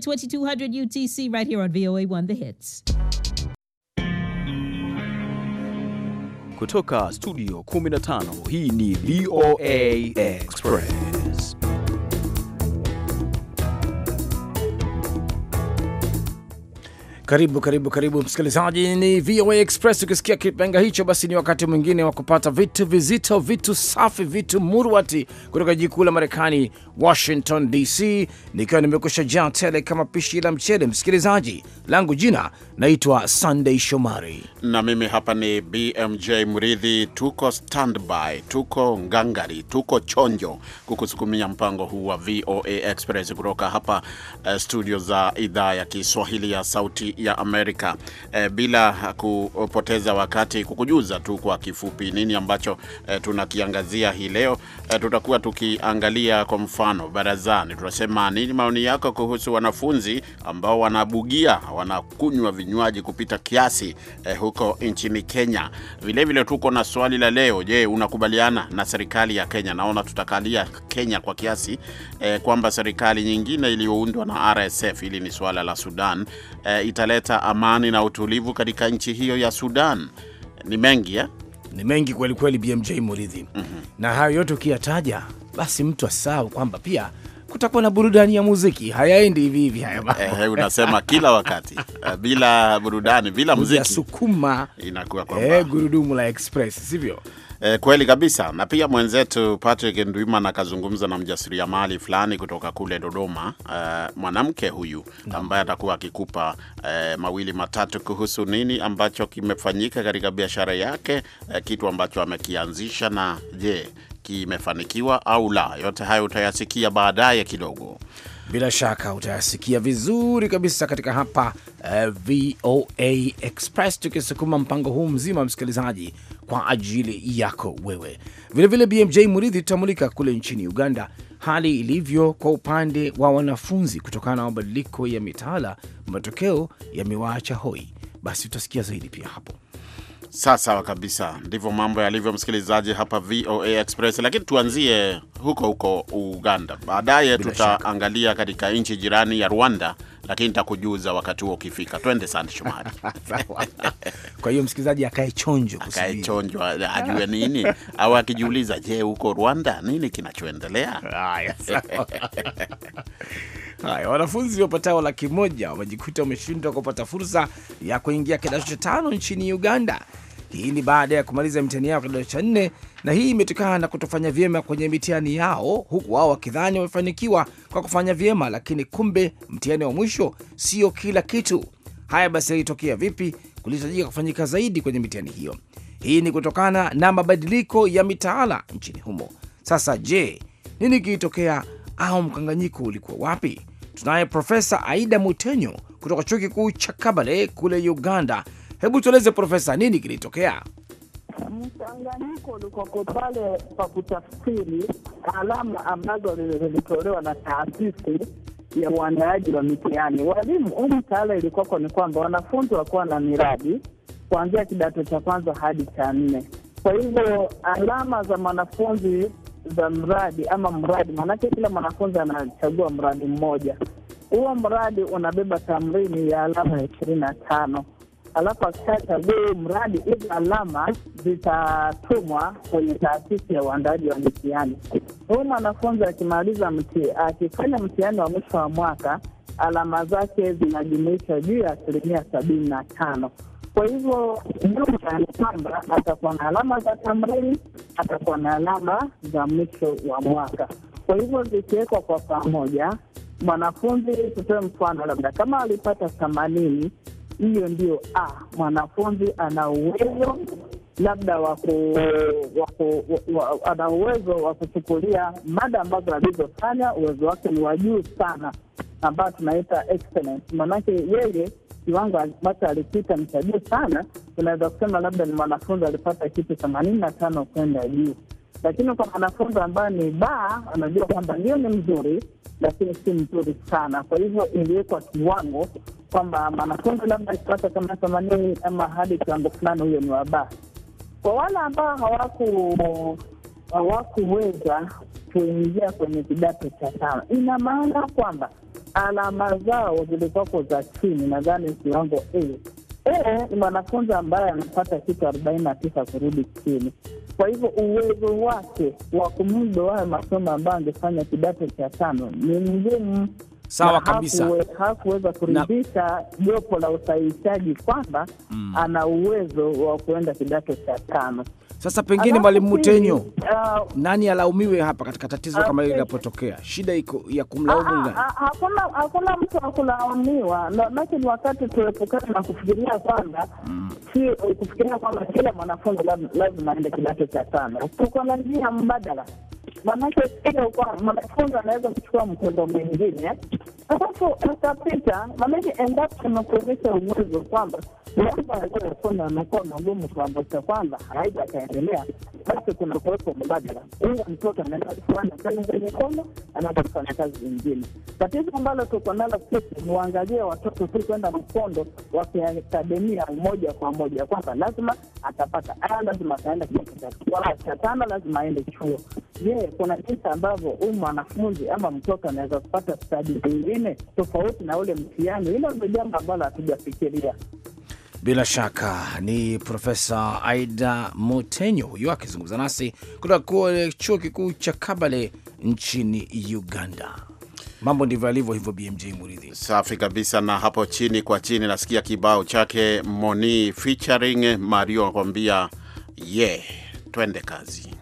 2200 UTC right here on VOA1 The Hits. Kutoka studio 15 hii ni VOA Express. Karibu karibu karibu msikilizaji, ni VOA Express. Ukisikia kipenga hicho, basi ni wakati mwingine wa kupata vitu vizito, vitu safi, vitu murwati kutoka jiji kuu la Marekani, Washington DC, nikiwa nimekusha jaa tele kama pishi la mchele. Msikilizaji langu jina naitwa Sunday Shomari na mimi hapa ni BMJ Mridhi. Tuko standby, tuko ngangari, tuko chonjo kukusukumia mpango huu wa VOA Express kutoka hapa uh, studio za idhaa ya Kiswahili ya Sauti ya Amerika. E, bila kupoteza wakati, kukujuza tu kwa kifupi nini ambacho e, tunakiangazia hii leo. E, tutakuwa tukiangalia kwa mfano barazani, tunasema nini maoni yako kuhusu wanafunzi ambao wanabugia, wanakunywa vinywaji kupita kiasi e, huko nchini Kenya. Vilevile vile tuko na swali la leo, je, unakubaliana na serikali ya Kenya? Naona tutakalia Kenya kwa kiasi e, kwamba serikali nyingine iliyoundwa na RSF, hili ni swala la Sudan e, yataleta amani na utulivu katika nchi hiyo ya Sudan. Ni mengi eh? Ni mengi kweli kweli, BMJ Muridhi. mm -hmm. Na hayo yote ukiyataja, basi mtu asahau kwamba pia kutakuwa na burudani ya muziki. Hayaendi hivi hivi haya mambo eh, unasema kila wakati eh, bila burudani, bila muziki sukuma inakuwa kwamba eh, gurudumu la express, sivyo? Eh, kweli kabisa. Na pia mwenzetu Patrick Ndwimana akazungumza na mjasiriamali fulani kutoka kule Dodoma, eh, mwanamke huyu ambaye atakuwa akikupa eh, mawili matatu kuhusu nini ambacho kimefanyika katika biashara yake, eh, kitu ambacho amekianzisha na je, kimefanikiwa au la. Yote hayo utayasikia baadaye kidogo. Bila shaka utayasikia vizuri kabisa katika hapa eh, VOA Express tukisukuma mpango huu mzima, msikilizaji, kwa ajili yako wewe. Vilevile vile BMJ Muridhi, tutamulika kule nchini Uganda hali ilivyo kwa upande wa wanafunzi kutokana na mabadiliko ya mitaala, matokeo yamewaacha hoi. Basi utasikia zaidi pia hapo. Sawa sawa kabisa, ndivyo mambo yalivyo, msikilizaji, hapa VOA Express. Lakini tuanzie huko huko Uganda. Baadaye tutaangalia katika nchi jirani ya Rwanda, lakini nitakujuza wakati huo ukifika. Twende sante Shumari. Kwa hiyo msikilizaji akae chonjo, akae chonjo, ajue nini au akijiuliza, je, huko Rwanda nini kinachoendelea? Haya, wanafunzi wapatao laki moja wamejikuta wameshindwa kupata fursa ya kuingia kidato cha tano nchini Uganda hii ni baada ya kumaliza mitihani yao kidato cha nne, na hii imetokana na kutofanya vyema kwenye mitihani yao, huku wao wakidhani wamefanikiwa kwa kufanya vyema, lakini kumbe mtihani wa mwisho sio kila kitu. Haya basi, yalitokea vipi? Kulihitajika kufanyika zaidi kwenye mitihani hiyo. Hii ni kutokana na mabadiliko ya mitaala nchini humo. Sasa je, nini kilitokea au mkanganyiko ulikuwa wapi? Tunaye Profesa Aida Mutenyo kutoka chuo kikuu cha Kabale kule Uganda, Hebu tueleze Profesa, nini kilitokea? Mchanganyiko ulikoko pale kwa kutafsiri alama ambazo zilitolewa na taasisi ya uandaaji wa mitihani walimu. Umu taala ilikoko ni kwamba wanafunzi wakuwa na miradi kuanzia kidato cha kwanza hadi cha nne. Kwa hivyo alama za mwanafunzi za mradi ama mradi, maanake kila mwanafunzi anachagua mradi mmoja, huo mradi unabeba tamrini ya alama ishirini na tano alafu akisha mradi hizi alama zitatumwa kwenye taasisi ya uandaaji wa mitihani. Huyu mwanafunzi akimaliza akifanya mtihani wa mwisho wa mwaka, alama zake zinajumuisha juu ya asilimia sabini na tano. Kwa hivyo jumla ni kwamba atakuwa na alama za tamrini, atakuwa na alama za mwisho wa mwaka. Kwa hivyo zikiwekwa kwa pamoja, mwanafunzi, tutoe mfano, labda kama alipata themanini hiyo ndio ah, mwanafunzi ana uwezo labda wako, wako, wako, ana uwezo wa kuchukulia mada ambazo alizofanya uwezo wake ni wa juu sana, ambayo tunaita excellence. Maanake yeye kiwango ambacho alipita ni cha juu sana, tunaweza kusema labda ni mwanafunzi alipata kitu themanini na tano kwenda juu. Lakini kwa mwanafunzi ambaye ni baa, anajua kwamba ndio ni mzuri, lakini si mzuri sana. Kwa hivyo iliwekwa kiwango kwamba mwanafunzi labda akipata kama themanini ama hadi kiwango fulani, huyo ni waba. Kwa wale ambao hawaku hawakuweza kuingia kwenye kidato cha tano, ina maana kwamba alama zao zilikuwako za chini, nadhani kiwango A. E, ni mwanafunzi ambaye anapata kitu arobaini na tisa kurudi chini. Kwa hivyo uwezo wake wa kumudu haya masomo ambayo angefanya kidato cha tano ni mgumu sawa kabisa, hakuweza kuridhisha jopo la usahihishaji kwamba mm, ana uwezo wa kuenda kidato cha tano. Sasa pengine Mwalimu Mutenyo, uh, nani alaumiwe hapa katika tatizo okay, kama hili uh, linapotokea? Shida iko ya kumlaumu ah, ah, nani? Ah, hakuna, hakuna mtu wa kulaumiwa, lakini wakati tuepukana na kufikiria kwamba mm. si kufikiria kwamba kila mwanafunzi lazima aende kidato cha tano. Tuko na njia mbadala maanake pia mwanafunzi anaweza kuchukua mkondo mwingine alafu utapita, maanake endapo tumekuonyesha uwezo kwamba Mambo alikuwa yasoma anakuwa maalum kuambaisha kwamba haija akaendelea, basi kuna kuwepo mbadala. Huyo mtoto anaenda kufanya kazi za mikono, anaenda kufanya kazi zingine. Tatizo ambalo tuko nalo sisi ni watoto si kwenda mkondo wa kiakademia moja kwa moja, kwamba lazima atapata aya, lazima ataenda kidato cha tano, lazima aende chuo. Je, kuna jinsi ambavyo huyu mwanafunzi ama mtoto anaweza kupata stadi zingine tofauti na ule mtihani? Hilo ndio jambo ambalo hatujafikiria. Bila shaka ni Profesa Aida Motenyo huyo akizungumza nasi kutoka kule chuo kikuu cha Kabale nchini Uganda. Mambo ndivyo alivyo hivyo, BMJ Muridhi. Safi kabisa. Na hapo chini kwa chini nasikia kibao chake Moni featuring Mario anakuambia ye yeah. Twende kazi.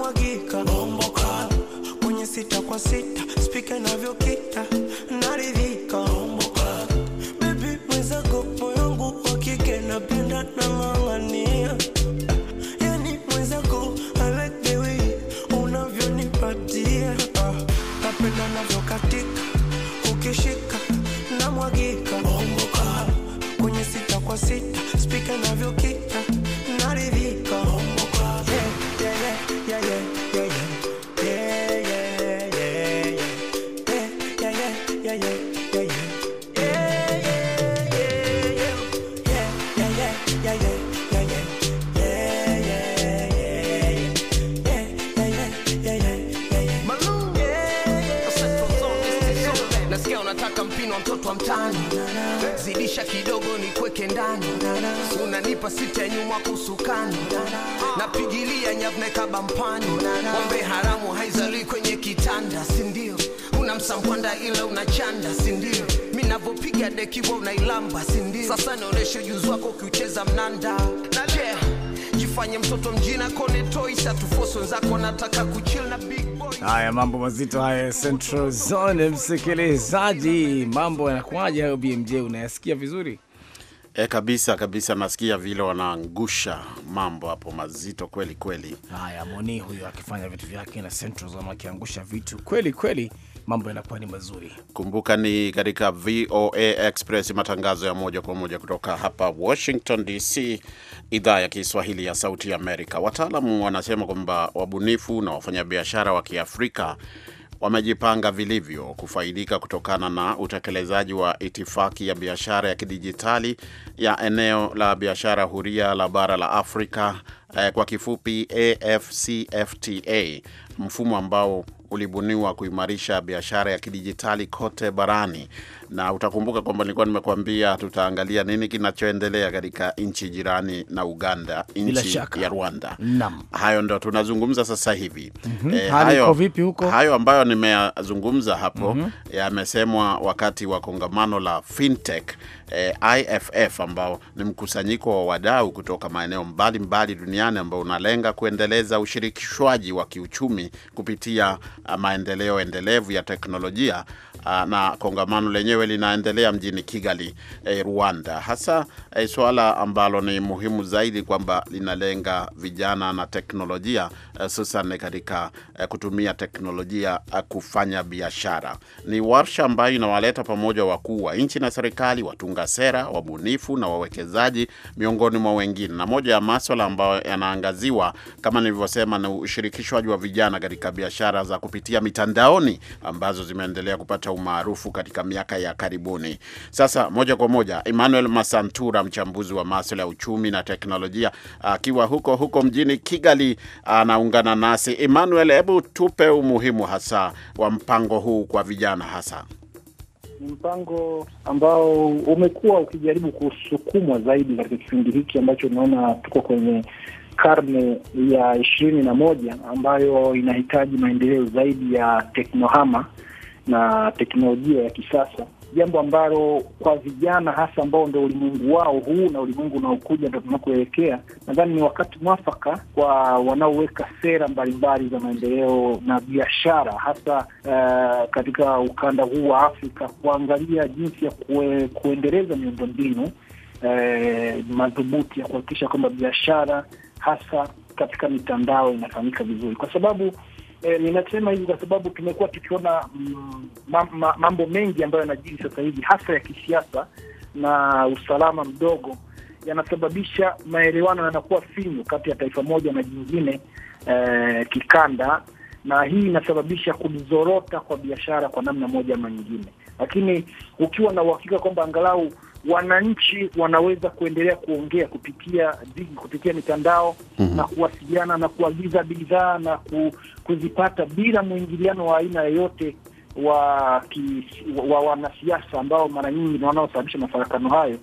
mwagika bomboka kwenye sita kwa sita spika inavyokita naridhika bomboka bebi mwenzako moyo wangu wa kike napenda na ng'ang'ania yani mwenzako I like the way unavyonipatia ah, napenda navyokatika ukishika mwagika bomboka kwenye sita kwa sita spika inavyokita kwa mtani, zidisha kidogo ni kweke ndani, unanipa sita nyuma kusukani, napigilia nyavne kabampani, haramu haizalii kwenye kitanda, sindio? Una msambwanda ila unachanda, sindio? mi navyopiga dekiwa unailamba, sindio? Sasa naonesha ujuzi wako ukiucheza mnanda na jifanye mtoto mjina kone toisa tufoso nzako nataka kuchil na big Haya, mambo mazito haya, Central Zone msikilizaji, mambo yanakuwaje hayo? BMJ, unayasikia vizuri? E, kabisa kabisa, nasikia vile wanaangusha mambo hapo mazito kweli kweli. Haya, Moni huyo akifanya vitu vyake na Central Zone akiangusha vitu kweli kweli mambo yanakuwa ni mazuri. Kumbuka ni katika VOA Express, matangazo ya moja kwa moja kutoka hapa Washington DC, idhaa ya Kiswahili ya Sauti ya Amerika. Wataalamu wanasema kwamba wabunifu na wafanyabiashara wa Kiafrika wamejipanga vilivyo kufaidika kutokana na utekelezaji wa itifaki ya biashara ya kidijitali ya eneo la biashara huria la bara la Afrika, eh, kwa kifupi AfCFTA, mfumo ambao ulibuniwa kuimarisha biashara ya kidijitali kote barani na utakumbuka kwamba nilikuwa nimekuambia tutaangalia nini kinachoendelea katika nchi jirani na Uganda, nchi ya Rwanda. Naam. Hayo ndo tunazungumza sasa hivi. mm -hmm. E, hayo, vipi huko? Hayo ambayo nimeyazungumza hapo mm -hmm. yamesemwa wakati wa kongamano la fintech e, eh, IFF ambao ni mkusanyiko wa wadau kutoka maeneo mbalimbali duniani ambao unalenga kuendeleza ushirikishwaji wa kiuchumi kupitia ah, maendeleo endelevu ya teknolojia ah, na kongamano lenyewe lenyewe linaendelea mjini Kigali eh, Rwanda, hasa eh, suala ambalo ni muhimu zaidi kwamba linalenga vijana na teknolojia eh, hususan eh, katika eh, kutumia teknolojia eh, kufanya biashara. Ni warsha ambayo inawaleta pamoja wakuu wa nchi na serikali, watunga sera, wabunifu na wawekezaji, miongoni mwa wengine, na moja ya maswala ambayo yanaangaziwa kama nilivyosema ni ushirikishwaji wa vijana katika biashara za kupitia mitandaoni ambazo zimeendelea kupata umaarufu katika miaka ya ya karibuni. Sasa moja kwa moja, Emmanuel Masantura, mchambuzi wa maswala ya uchumi na teknolojia, akiwa huko huko mjini Kigali, anaungana nasi. Emmanuel, hebu tupe umuhimu hasa wa mpango huu kwa vijana hasa ni mpango ambao umekuwa ukijaribu kusukumwa zaidi katika kipindi hiki ambacho unaona tuko kwenye karne ya ishirini na moja ambayo inahitaji maendeleo zaidi ya teknohama na teknolojia ya kisasa jambo ambalo kwa vijana hasa ambao ndo ulimwengu wao huu na ulimwengu unaokuja ndo tunakuelekea, nadhani ni wakati mwafaka kwa wanaoweka sera mbalimbali za maendeleo na biashara hasa uh, katika ukanda huu wa Afrika kuangalia jinsi ya kue, kuendeleza miundombinu uh, madhubuti ya kuhakikisha kwamba biashara hasa katika mitandao inafanyika vizuri, kwa sababu E, ninasema hivi kwa sababu tumekuwa tukiona mm, ma, ma, mambo mengi ambayo yanajiri sasa hivi hasa ya kisiasa na usalama mdogo yanasababisha maelewano yanakuwa finyu kati ya taifa moja na jingine e, kikanda, na hii inasababisha kuzorota kwa biashara kwa namna moja ama nyingine, lakini ukiwa na uhakika kwamba angalau wananchi wanaweza kuendelea kuongea kupitia digi, kupitia mitandao mm -hmm. na kuwasiliana na kuagiza bidhaa na ku, kuzipata bila mwingiliano wa aina yoyote wa, wa wanasiasa ambao mara nyingi na wanaosababisha mafarakano hayo.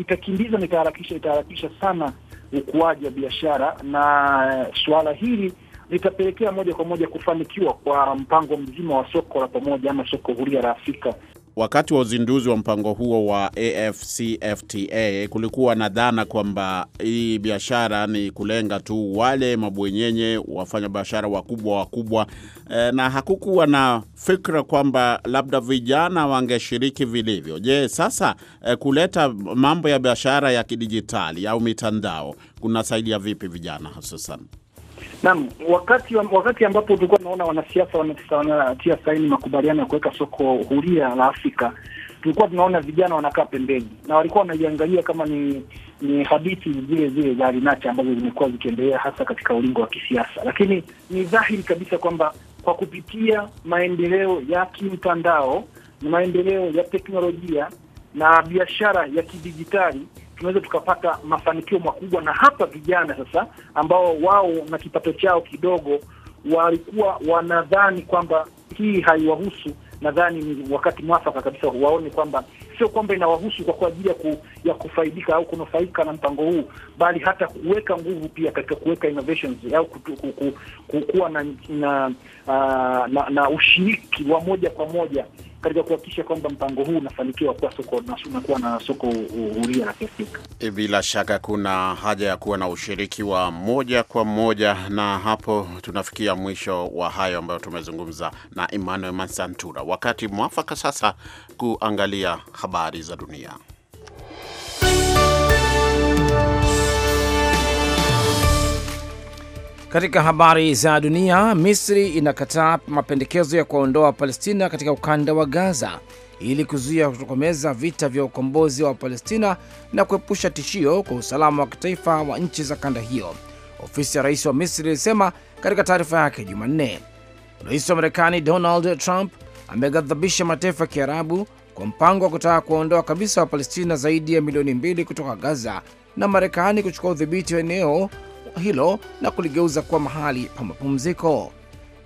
Itakimbiza ita itaharakisha itaharakisha sana ukuaji wa biashara, na suala hili litapelekea moja kwa moja kufanikiwa kwa mpango mzima wa soko la pamoja ama soko huria la Afrika. Wakati wa uzinduzi wa mpango huo wa AfCFTA kulikuwa na dhana kwamba hii biashara ni kulenga tu wale mabwenyenye, wafanya biashara wakubwa wakubwa, e, na hakukuwa na fikra kwamba labda vijana wangeshiriki vilivyo. Je, sasa e, kuleta mambo ya biashara ya kidijitali au mitandao kunasaidia vipi vijana hususan? Naam, wakati wakati ambapo tulikuwa tunaona wanasiasa wanatia saini makubaliano ya kuweka soko huria la Afrika, tulikuwa tunaona vijana wanakaa pembeni na walikuwa wanaiangalia kama ni ni hadithi zile zile za rinacha ambazo zimekuwa zikiendelea hasa katika ulingo wa kisiasa, lakini ni dhahiri kabisa kwamba kwa kupitia maendeleo ya kimtandao na maendeleo ya teknolojia na biashara ya kidijitali tunaweza tukapata mafanikio makubwa, na hata vijana sasa ambao wao na kipato chao kidogo walikuwa wanadhani kwamba hii haiwahusu, nadhani ni wakati mwafaka kabisa waone kwamba sio kwamba inawahusu kwa ajili ya, ku, ya kufaidika au kunufaika na mpango huu, bali hata kuweka nguvu pia katika kuweka innovations au kutu, kuku, kukuwa na na, uh, na na ushiriki wa moja kwa moja katika kuhakikisha kwamba mpango huu unafanikiwa kwa soko na kuwa na soko huria la Kiafrika. E, bila shaka kuna haja ya kuwa na ushiriki wa moja kwa moja, na hapo tunafikia mwisho wa hayo ambayo tumezungumza na Emmanuel Masantura. Wakati mwafaka sasa kuangalia habari za dunia. Katika habari za dunia, Misri inakataa mapendekezo ya kuwaondoa Palestina katika ukanda wa Gaza ili kuzuia kutokomeza vita vya ukombozi wa Palestina na kuepusha tishio kwa usalama wa kitaifa wa nchi za kanda hiyo, ofisi ya rais wa Misri ilisema katika taarifa yake Jumanne. Rais wa Marekani Donald Trump ameghadhabisha mataifa ya Kiarabu kwa mpango wa kutaka kuwaondoa kabisa Wapalestina zaidi ya milioni mbili kutoka Gaza na Marekani kuchukua udhibiti wa eneo hilo na kuligeuza kuwa mahali pa mapumziko.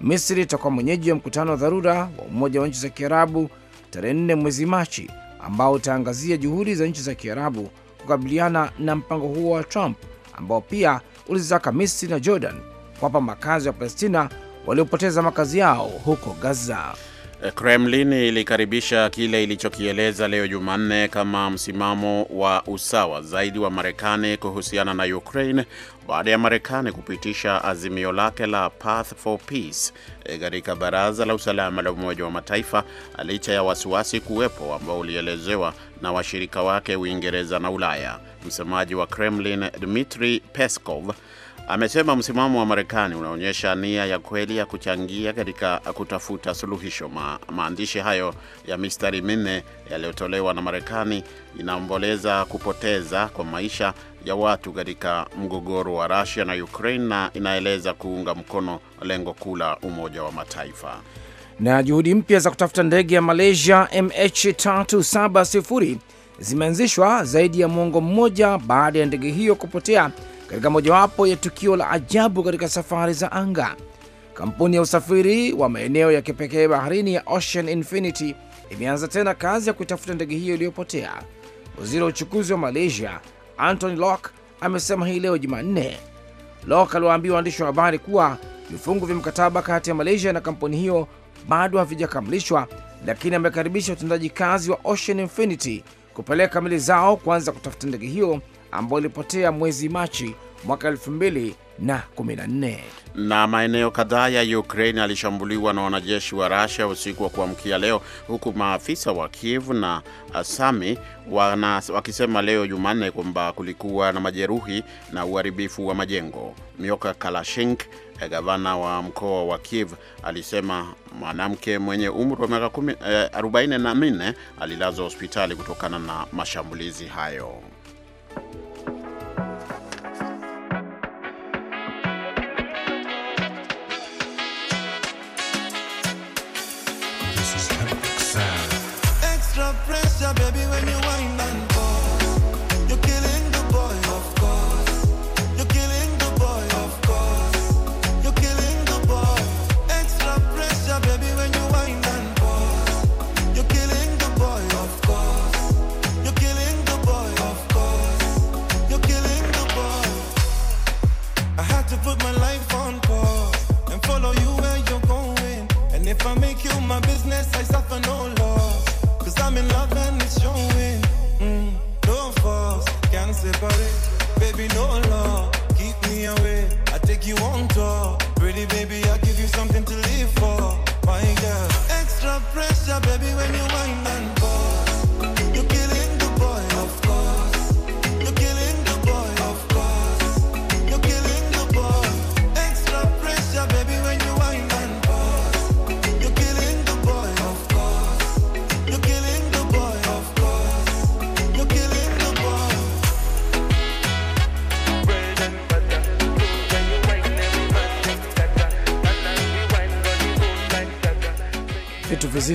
Misri itakuwa mwenyeji wa mkutano wa dharura wa Umoja wa Nchi za Kiarabu tarehe 4 mwezi Machi, ambao utaangazia juhudi za nchi za Kiarabu kukabiliana na mpango huo wa Trump ambao pia ulizitaka Misri na Jordan kuwapa makazi wa Palestina waliopoteza makazi yao huko Gaza. Eh, Kremlin ilikaribisha kile ilichokieleza leo Jumanne kama msimamo wa usawa zaidi wa Marekani kuhusiana na Ukraine baada ya Marekani kupitisha azimio lake la Path for Peace eh, katika Baraza la Usalama la Umoja wa Mataifa licha ya wasiwasi kuwepo ambao ulielezewa na washirika wake Uingereza na Ulaya. Msemaji wa Kremlin Dmitry Peskov amesema msimamo wa Marekani unaonyesha nia ya kweli ya kuchangia katika kutafuta suluhisho. Ma, maandishi hayo ya mistari minne yaliyotolewa na Marekani inaomboleza kupoteza kwa maisha ya watu katika mgogoro wa Russia na Ukraine na inaeleza kuunga mkono lengo kuu la Umoja wa Mataifa. Na juhudi mpya za kutafuta ndege ya Malaysia MH370 zimeanzishwa zaidi ya mwongo mmoja baada ya ndege hiyo kupotea katika mojawapo ya tukio la ajabu katika safari za anga. Kampuni ya usafiri wa maeneo ya kipekee baharini ya Ocean Infinity imeanza tena kazi ya kutafuta ndege hiyo iliyopotea. Waziri wa uchukuzi wa Malaysia Anthony lock amesema hii leo Jumanne. lock aliwaambia waandishi wa habari kuwa vifungu vya mkataba kati ya Malaysia na kampuni hiyo bado havijakamilishwa, lakini amekaribisha utendaji kazi wa Ocean Infinity kupeleka meli zao kuanza kutafuta ndege hiyo ambayo ilipotea mwezi Machi mwaka 2014. Na maeneo kadhaa ya Ukraine yalishambuliwa na wanajeshi wa Russia usiku wa kuamkia leo, huku maafisa wa Kiev na Sami wana, wakisema leo Jumanne kwamba kulikuwa na majeruhi na uharibifu wa majengo. Mioka Kalashink, gavana wa mkoa wa Kiev, alisema mwanamke mwenye umri wa miaka 44 eh, alilazwa hospitali kutokana na mashambulizi hayo.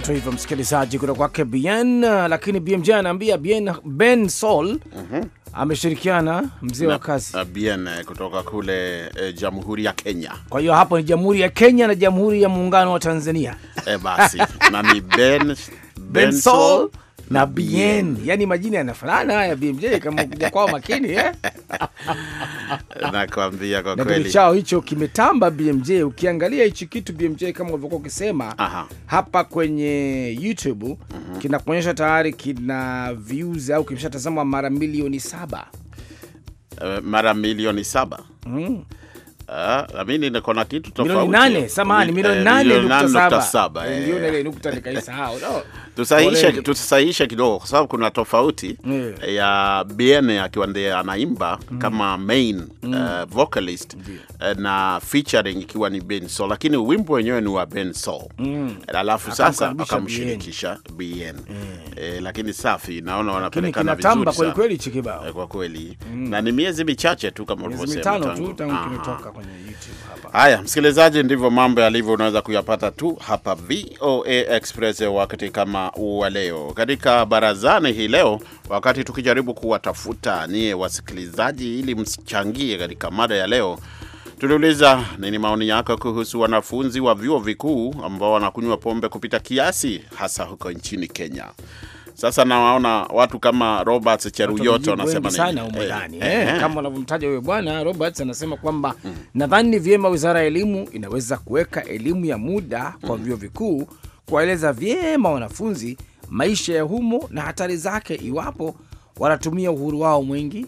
yetu hivyo, msikilizaji kutoka kwake Bien. Lakini BMJ anaambia Ben Sol uhum. ameshirikiana mzee wa kazi Bien eh, kutoka kule e, Jamhuri ya Kenya. Kwa hiyo hapo ni Jamhuri ya Kenya na Jamhuri ya Muungano wa Tanzania. E, basi na ni Ben Ben Sol na bien, yani majina yanafanana haya BMJ, kama kuja kwao makini eh? Nakwambia kwa kweli, na chao hicho kimetamba BMJ. Ukiangalia hichi kitu BMJ, kama ulivyokuwa ukisema hapa kwenye YouTube uh mhm. -huh. kinakuonyesha tayari kina views au kimeshatazama mara milioni saba uh, mara milioni saba mm. Uh, niko na kitu tofauti milioni nane, samahani, milioni eh, nane nukta saba eh, ndio ile nukta nikaisahau no Tusahihishe tusahihishe kidogo kwa sababu kuna tofauti yeah, ya bn akiwa ndiye anaimba mm, kama main mm, uh, vocalist yeah, uh, na featuring ikiwa ni Benso, lakini wimbo wenyewe ni wa Benso mm, alafu sasa akamshirikisha bn, BN. Yeah. E, lakini safi naona wanapelekana vizuri sana kweli chikibao eh, kwa kweli mm, na ni miezi michache tu kama ulivyosema tangu kimetoka kwenye YouTube hapa. Haya, msikilizaji, ndivyo mambo yalivyo, unaweza kuyapata tu hapa VOA Express wakati kama wa leo katika barazani hii leo, wakati tukijaribu kuwatafuta niye wasikilizaji ili mchangie katika mada ya leo, tuliuliza nini maoni yako kuhusu wanafunzi wa vyuo vikuu ambao wanakunywa pombe kupita kiasi, hasa huko nchini Kenya. Sasa nawaona watu kama Robert Cheruyoto anasema sana eh, ndani eh, eh, eh, kama wanavyomtaja huyo bwana Robert anasema kwamba mm, nadhani ni vyema wizara ya elimu inaweza kuweka elimu ya muda kwa mm, vyuo vikuu kuwaeleza vyema wanafunzi maisha ya humo na hatari zake iwapo wanatumia uhuru wao mwingi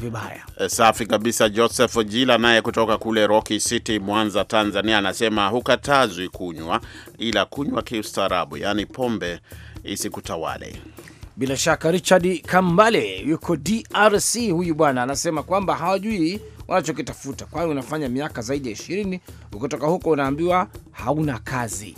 vibaya. E, safi kabisa. Joseph Jila naye kutoka kule rocky City, Mwanza, Tanzania, anasema hukatazwi kunywa, ila kunywa kiustaarabu, yaani pombe isikutawale. Bila shaka Richard Kambale yuko DRC, huyu bwana anasema kwamba hawajui wanachokitafuta, kwani unafanya miaka zaidi ya ishirini ukitoka huko unaambiwa hauna kazi.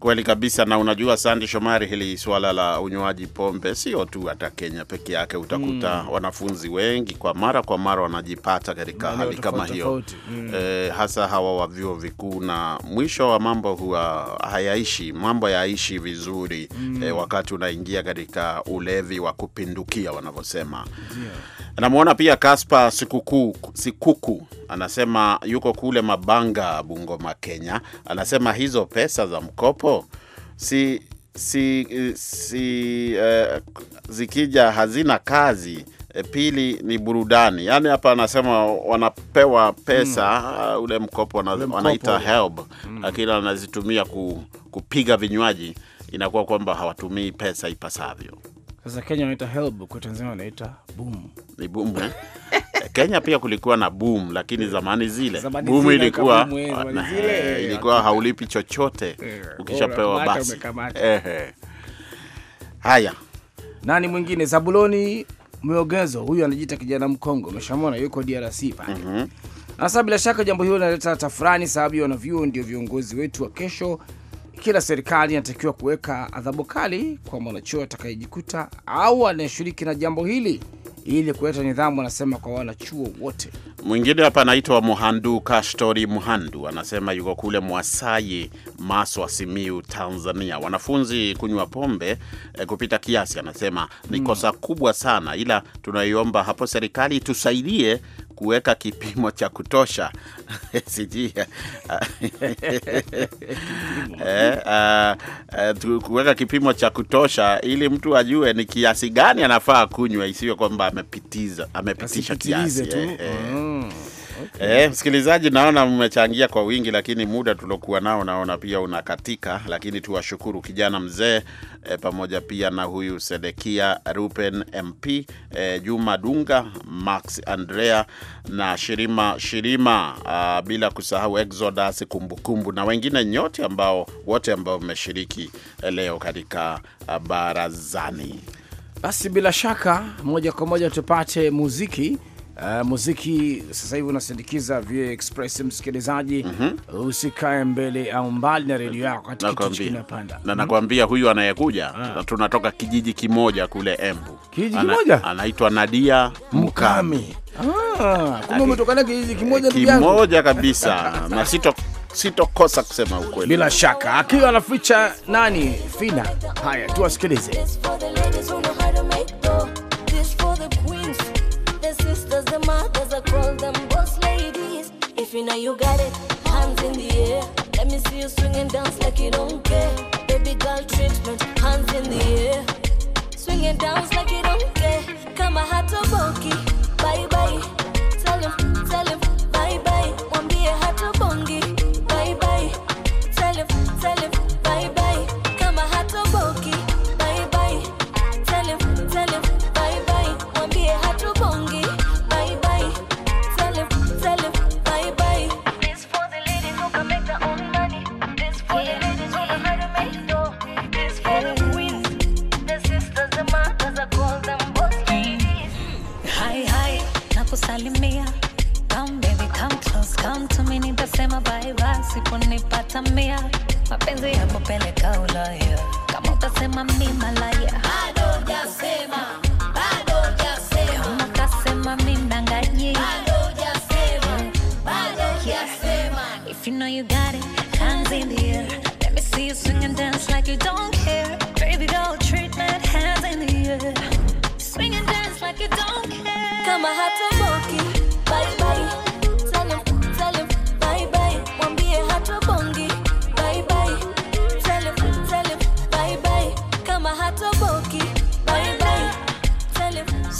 Kweli kabisa. Na unajua, Sandi Shomari, hili swala la unywaji pombe sio tu hata Kenya peke yake, utakuta mm. wanafunzi wengi kwa mara kwa mara wanajipata katika hali kama hiyo mm. E, hasa hawa wa vyuo vikuu, na mwisho wa mambo huwa hayaishi, mambo yaishi vizuri mm. E, wakati unaingia katika ulevi wa kupindukia wanavyosema yeah. Namwona pia Kaspa Sikuku, Sikuku anasema yuko kule Mabanga, Bungoma, Kenya. Anasema hizo pesa za mkopo si si, si eh, zikija hazina kazi E, pili ni burudani. yani hapa anasema wanapewa pesa mm. Uh, ule mkopo wanaita help mm. Lakini anazitumia ku, kupiga vinywaji, inakuwa kwamba hawatumii pesa ipasavyo. Sasa Kenya wanaita helbu, kwa Tanzania wanaita boom. Ni boom. Eh? Kenya pia kulikuwa na boom, lakini zamani zile boom ilikuwa eh, zile, ilikuwa haulipi chochote eh, ukishapewa basi. Haya, nani mwingine? Zabuloni Mwogezo huyu anajiita kijana Mkongo, umeshamwona, yuko DRC pale. mm Sasa bila shaka jambo hilo linaleta tafurani, sababu wanavyuo ndio viongozi wetu wa kesho kila serikali inatakiwa kuweka adhabu kali kwa mwanachuo atakayejikuta au anayeshiriki na jambo hili ili kuleta nidhamu, anasema kwa wanachuo wote. Mwingine hapa anaitwa Muhandu kastori Muhandu, anasema yuko kule Mwasayi, Maswa, Simiu, Tanzania. Wanafunzi kunywa pombe eh, kupita kiasi, anasema ni hmm. kosa kubwa sana, ila tunaiomba hapo serikali tusaidie kuweka kipimo cha kutosha sijui eh, ah, eh, kuweka kipimo cha kutosha ili mtu ajue ni kiasi gani anafaa kunywa, isiyo kwamba amepitiza amepitisha kiasi tu. Eh, ah. E, msikilizaji, naona mmechangia kwa wingi, lakini muda tuliokuwa nao naona pia unakatika, lakini tuwashukuru kijana mzee e, pamoja pia na huyu Sedekia Rupen MP e, eh, Juma Dunga, Max Andrea na Shirima Shirima a, ah, bila kusahau Exodus Kumbukumbu na wengine nyote ambao wote ambao mmeshiriki leo katika ah, barazani. Basi bila shaka moja kwa moja tupate muziki Uh, muziki sasa hivi unasindikiza VOA Express. Msikilizaji, mm -hmm. usikae mbele au mbali na redio yako wakati kitu kinapanda, na mhm. nakwambia huyu anayekuja ah. tunatoka kijiji kimoja kule Embu, kijiji kimoja anaitwa Nadia Mukami. Ah, umetoka na kijiji kimoja kimoja kabisa na sito sitokosa kusema ukweli, bila shaka akiwa anaficha nani fina. Haya, tuwasikilize. baby, now you got it. Hands in the air. Let me see you swing and dance like you don't care. Baby girl treatment, hands in the air. Swing and dance like you don't care. Come a Kama hatoboki, bye bye. Tell him, tell him. kutamia mapenzi yako peleka Ulaya, kama utasema mi malaya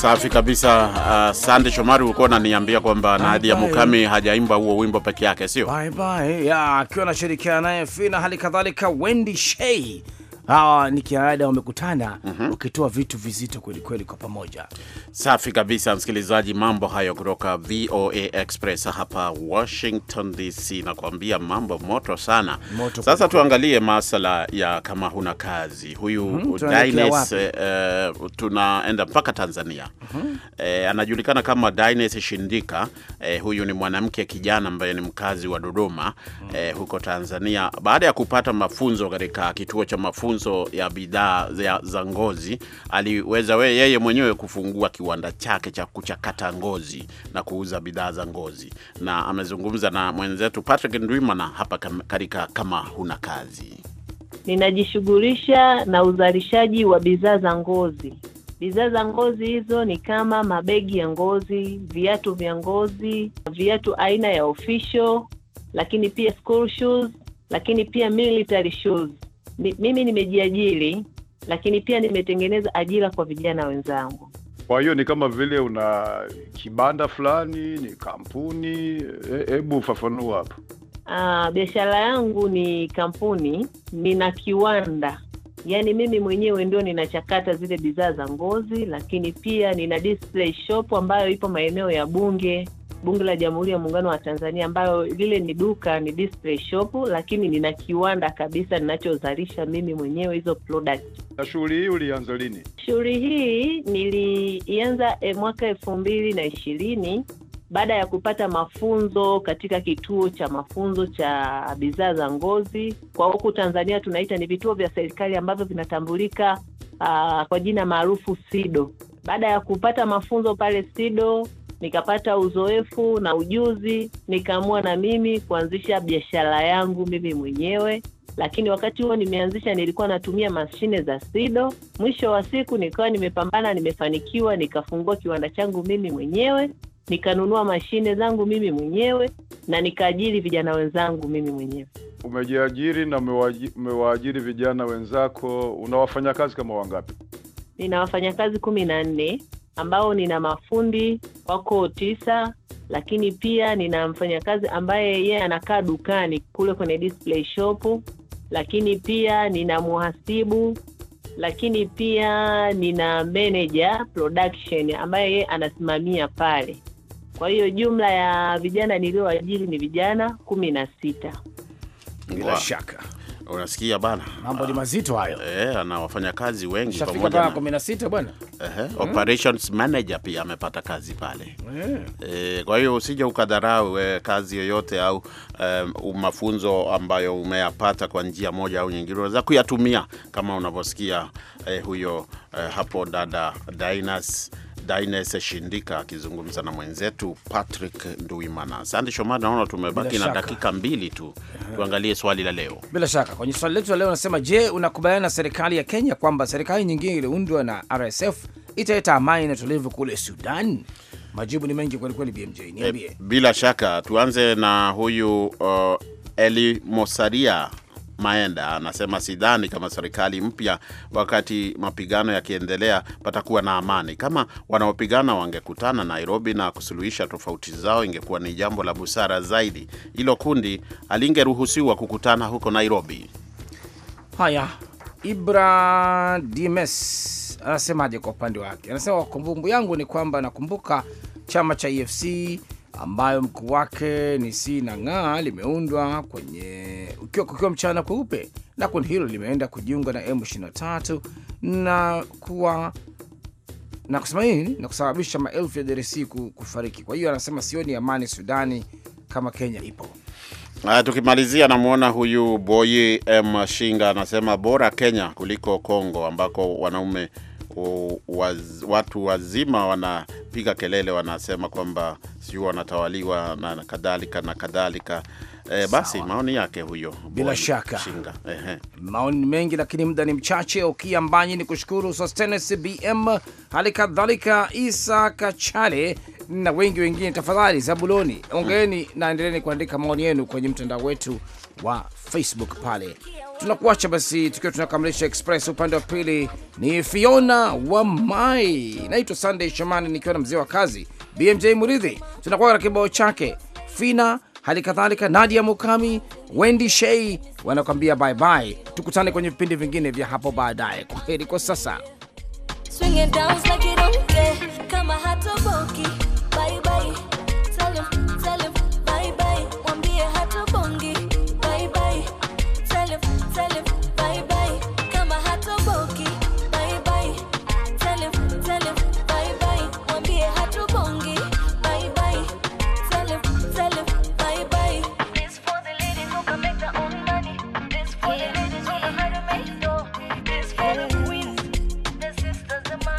Safi kabisa. Uh, Sande Shomari, ulikuwa unaniambia kwamba Nadia Mukami hajaimba huo wimbo peke yake, sio? Bye bye. Ya, akiwa anashirikiana naye Fina, hali kadhalika Wendy Shay hawa ni kiada wamekutana wakitoa mhm. mm -hmm. vitu vizito kwelikweli kwa pamoja. Safi kabisa, msikilizaji, mambo hayo kutoka VOA Express hapa Washington DC, nakuambia mambo moto sana moto. Sasa tuangalie masala ya kama huna kazi huyu mm -hmm. Dines, uh, tunaenda mpaka Tanzania mm -hmm. Eh, anajulikana kama Dines Shindika eh, huyu ni mwanamke kijana ambaye ni mkazi wa Dodoma mm -hmm. eh, huko Tanzania baada ya kupata mafunzo katika kituo cha mafunzo mauzo ya bidhaa za ngozi, aliweza we yeye mwenyewe kufungua kiwanda chake cha kuchakata ngozi na kuuza bidhaa za ngozi, na amezungumza na mwenzetu Patrick Ndwimana hapa katika kama huna kazi. Ninajishughulisha na uzalishaji wa bidhaa za ngozi. Bidhaa za ngozi hizo ni kama mabegi ya ngozi, viatu vya ngozi, viatu aina ya official, lakini pia school shoes, lakini pia military shoes mimi nimejiajiri, lakini pia nimetengeneza ajira kwa vijana wenzangu. Kwa hiyo ni kama vile una kibanda fulani, ni kampuni. E-, hebu e, ufafanua hapo. Ah, biashara yangu ni kampuni, nina kiwanda yaani mimi mwenyewe ndio ninachakata zile bidhaa za ngozi, lakini pia nina display shop ambayo ipo maeneo ya Bunge Bunge la Jamhuri ya Muungano wa Tanzania, ambayo lile ni duka, ni display shop, lakini nina kiwanda kabisa ninachozalisha mimi mwenyewe hizo product. Na shughuli hii ulianza lini? Shughuli hii nilianza e, eh, mwaka elfu mbili na ishirini baada ya kupata mafunzo katika kituo cha mafunzo cha bidhaa za ngozi, kwa huku Tanzania tunaita ni vituo vya serikali ambavyo vinatambulika uh, kwa jina maarufu SIDO. Baada ya kupata mafunzo pale SIDO, nikapata uzoefu na ujuzi, nikaamua na mimi kuanzisha biashara yangu mimi mwenyewe lakini wakati huo nimeanzisha, nilikuwa natumia mashine za SIDO. Mwisho wa siku nikawa nimepambana, nimefanikiwa, nikafungua kiwanda changu mimi mwenyewe, nikanunua mashine zangu mimi mwenyewe na nikaajiri vijana wenzangu mimi mwenyewe. Umejiajiri na umewaajiri vijana wenzako, una wafanyakazi kama wangapi? Nina wafanyakazi kumi na nne ambao nina mafundi wako tisa, lakini pia nina mfanyakazi ambaye yeye yeah, anakaa dukani kule kwenye display shop, lakini pia nina muhasibu, lakini pia nina manager production ambaye yeye yeah, anasimamia pale. Kwa hiyo jumla ya vijana niliyoajili ni vijana kumi na sita bila wow. shaka Unasikia bana, mambo ni mazito hayo eh, ana wafanyakazi wengi pamoja na 16 bwana eh, operations manager pia amepata kazi pale yeah. Eh, kwa hiyo usije ukadharau eh, kazi yoyote au eh, mafunzo ambayo umeyapata kwa njia moja au nyingine unaweza kuyatumia kama unavyosikia eh, huyo eh, hapo dada Dinas Dines Shindika akizungumza na mwenzetu Patrick Nduimana. Sande Shomari, naona tumebaki na dakika mbili tu, tuangalie swali la leo. Bila shaka kwenye swali letu la leo nasema, je, unakubaliana na serikali ya Kenya kwamba serikali nyingine iliundwa na RSF italeta amani na tulivu kule Sudan? Majibu ni mengi kwelikweli BMJ niambie. E, bila shaka tuanze na huyu uh, Eli Mosaria Maenda anasema sidhani kama serikali mpya, wakati mapigano yakiendelea, patakuwa na amani. Kama wanaopigana wangekutana Nairobi na kusuluhisha tofauti zao, ingekuwa ni jambo la busara zaidi. Hilo kundi alingeruhusiwa kukutana huko Nairobi. Haya, Ibra Dimes anasemaje kwa upande wake? Anasema kumbukumbu yangu ni kwamba nakumbuka chama cha EFC ambayo mkuu wake ni si na limeundwa kwenye ukiwa kukiwa mchana kweupe, na kundi hilo limeenda kujiunga na M23 na kuwa na kusema nini na kusababisha maelfu ya DRC kufariki. Kwa hiyo anasema sioni amani Sudani kama Kenya ipo. Uh, tukimalizia namwona huyu Boyi M Shinga anasema bora Kenya kuliko Kongo ambako wanaume waz, watu wazima wanapiga kelele, wanasema kwamba sijui wanatawaliwa na kadhalika na kadhalika E, basi Sawa. Maoni yake huyo bila shaka maoni mengi lakini muda ni mchache. Ukia Mbanyi ni kushukuru Sostenes BM, hali kadhalika Isa Kachale na wengi wengine. Tafadhali Zabuloni, ongeeni hmm, na endeleni kuandika maoni yenu kwenye mtandao wetu wa Facebook pale. Tunakuacha basi tukiwa tunakamilisha Express. Upande wa pili ni Fiona wa Mai, naitwa Sunday Shamani nikiwa na mzee wa kazi BMJ Muridhi. Tunakuwa na kibao chake fina hali kadhalika Nadia Mukami, Wendy Shei wanakuambia bye bye. Tukutane kwenye vipindi vingine vya hapo baadaye. Kwa heri kwa sasa.